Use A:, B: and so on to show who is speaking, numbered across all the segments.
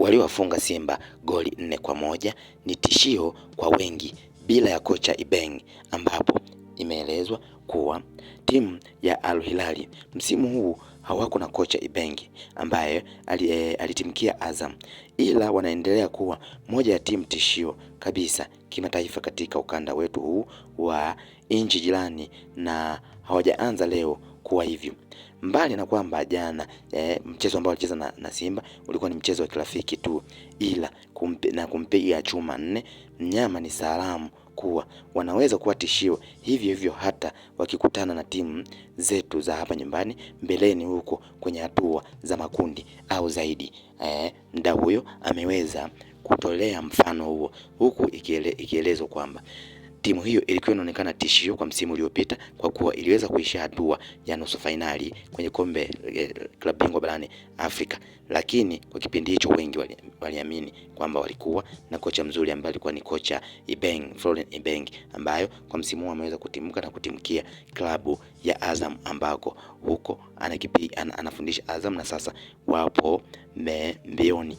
A: waliwafunga Simba goli nne kwa moja ni tishio kwa wengi bila ya kocha Ibeng, ambapo imeelezwa kuwa timu ya Al Hilali msimu huu hawako na kocha Ibeng ambaye alitimkia Azam, ila wanaendelea kuwa moja ya timu tishio kabisa kimataifa katika ukanda wetu huu wa nchi jirani, na hawajaanza leo kuwa hivyo. Mbali na kwamba jana e, mchezo ambao alicheza na, na Simba ulikuwa ni mchezo wa kirafiki tu, ila kumpe, na kumpiga chuma nne mnyama ni salamu kuwa wanaweza kuwa tishio hivyo hivyo hata wakikutana na timu zetu za hapa nyumbani mbeleni huko kwenye hatua za makundi au zaidi. E, eh, mda huyo ameweza kutolea mfano huo huku ikielezwa kwamba Timu hiyo ilikuwa inaonekana tishio kwa msimu uliopita kwa kuwa iliweza kuishia hatua ya nusu fainali kwenye kombe eh, klabu bingwa barani Afrika, lakini kwa kipindi hicho wengi waliamini wali kwamba walikuwa na kocha mzuri ambaye alikuwa ni kocha Ibeng, Florent Ibeng ambayo kwa msimu huu ameweza kutimka na kutimkia klabu ya Azam ambako huko anakipi, an, anafundisha Azam na sasa wapo me, mbioni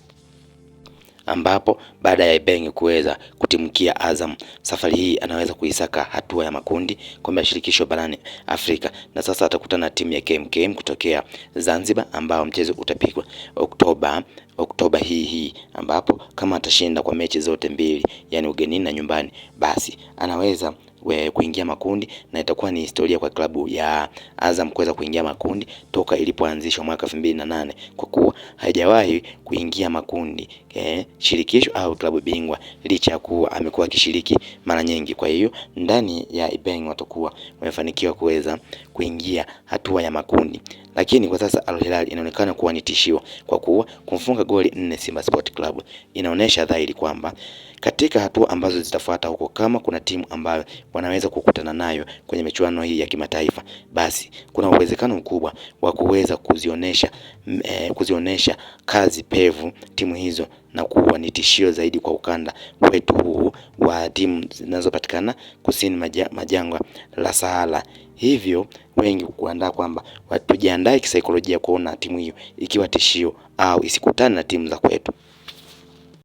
A: ambapo baada ya Ibenge kuweza kutimkia Azam, safari hii anaweza kuisaka hatua ya makundi kombe la shirikisho barani Afrika, na sasa atakutana na timu ya KMKM kutokea Zanzibar, ambao mchezo utapigwa Oktoba Oktoba hii hii ambapo kama atashinda kwa mechi zote mbili, yani ugenini na nyumbani, basi anaweza we kuingia makundi na itakuwa ni historia kwa klabu ya Azam kuweza kuingia makundi toka ilipoanzishwa mwaka elfu mbili na nane kwa kuwa haijawahi kuingia makundi eh, shirikisho au klabu bingwa licha ya kuwa amekuwa akishiriki mara nyingi. Kwa hiyo ndani ya Ibeng watakuwa wamefanikiwa kuweza kuingia hatua ya makundi lakini kwa sasa Al Hilal inaonekana kuwa ni tishio kwa kuwa kumfunga goli nne Simba Sport Club inaonyesha dhahiri kwamba katika hatua ambazo zitafuata huko, kama kuna timu ambayo wanaweza kukutana nayo kwenye michuano hii ya kimataifa, basi kuna uwezekano mkubwa wa kuweza kuzionyesha e, eh, kuzionesha kazi pevu timu hizo na kuwa ni tishio zaidi kwa ukanda wetu huu wa timu zinazopatikana kusini majangwa la Sahara hivyo wengi kuandaa kwamba tujiandae kisaikolojia kuona timu hiyo ikiwa tishio au isikutane na timu za kwetu.